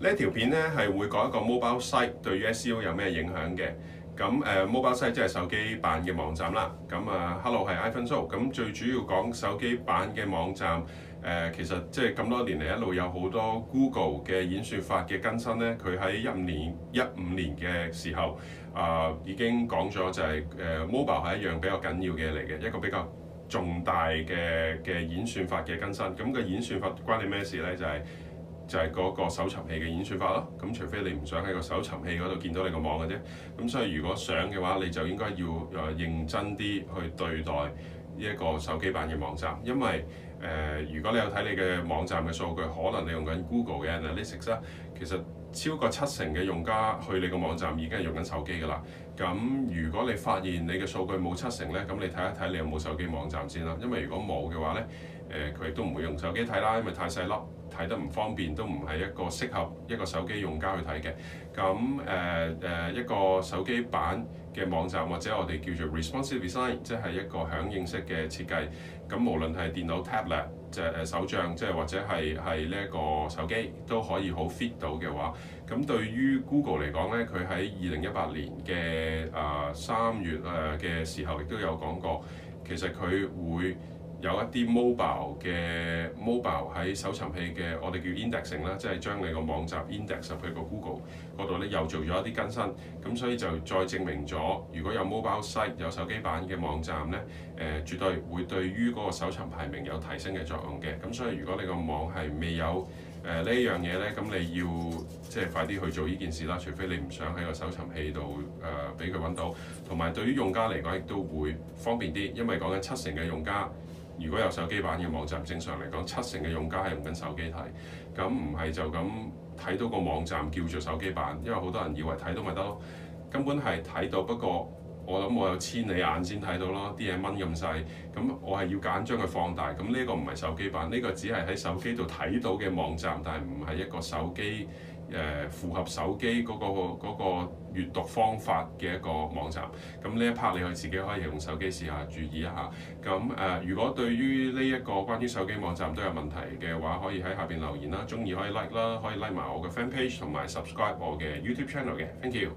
呢條片咧係會講一個 mobile site 對於 SEO 有咩影響嘅。咁誒、uh, mobile site 即係手機版嘅網站啦。咁啊、uh, hello 係 iPhone Show。咁最主要講手機版嘅網站誒，uh, 其實即係咁多年嚟一路有好多 Google 嘅演算法嘅更新咧。佢喺一五年一五年嘅時候啊，uh, 已經講咗就係、是、誒、uh, mobile 係一樣比較緊要嘅嘢嚟嘅，一個比較重大嘅嘅演算法嘅更新。咁、那個演算法關你咩事咧？就係、是。就係嗰個搜尋器嘅演算法咯，咁除非你唔想喺個搜尋器嗰度見到你個網嘅啫，咁所以如果想嘅話，你就應該要誒認真啲去對待呢一個手機版嘅網站，因為誒、呃、如果你有睇你嘅網站嘅數據，可能你用緊 Google 嘅 Analytics 啊，其實超過七成嘅用家去你個網站已經係用緊手機噶啦。咁如果你發現你嘅數據冇七成咧，咁你睇一睇你有冇手機網站先啦。因為如果冇嘅話咧，誒佢亦都唔會用手機睇啦，因為太細粒睇得唔方便，都唔係一個適合一個手機用家去睇嘅。咁誒誒一個手機版嘅網站或者我哋叫做 responsive design，即係一個響應式嘅設計。咁無論係電腦、tablet 隻誒手錶，即係或者係係呢一個手機都可以好 fit 到嘅話。咁對於 Google 嚟講咧，佢喺二零一八年嘅啊三月誒嘅、呃、時候，亦都有講過，其實佢會。有一啲 mobile 嘅 mobile 喺搜尋器嘅，我哋叫 indexing 啦，即係將你個網站 index 入去個 Google 嗰度咧，又做咗一啲更新。咁所以就再證明咗，如果有 mobile site 有手機版嘅網站咧，誒、呃、絕對會對於嗰個搜尋排名有提升嘅作用嘅。咁所以如果你個網係未有誒、呃、呢樣嘢咧，咁你要即係快啲去做呢件事啦。除非你唔想喺個搜尋器度誒俾佢揾到，同埋對於用家嚟講亦都會方便啲，因為講緊七成嘅用家。如果有手機版嘅網站，正常嚟講七成嘅用家係用緊手機睇，咁唔係就咁睇到個網站叫做手機版，因為好多人以為睇到咪得咯，根本係睇到。不過我諗我有千里眼先睇到咯，啲嘢蚊咁細，咁我係要揀將佢放大。咁呢個唔係手機版，呢個只係喺手機度睇到嘅網站，但係唔係一個手機。誒符合手機嗰、那個嗰、那個閱讀方法嘅一個網站，咁呢一 part 你可以自己可以用手機試下，注意一下。咁誒、呃，如果對於呢一個關於手機網站都有問題嘅話，可以喺下邊留言啦，鍾意可以 like 啦，可以 like 埋我嘅 fan page 同埋 subscribe 我嘅 YouTube channel 嘅，thank you。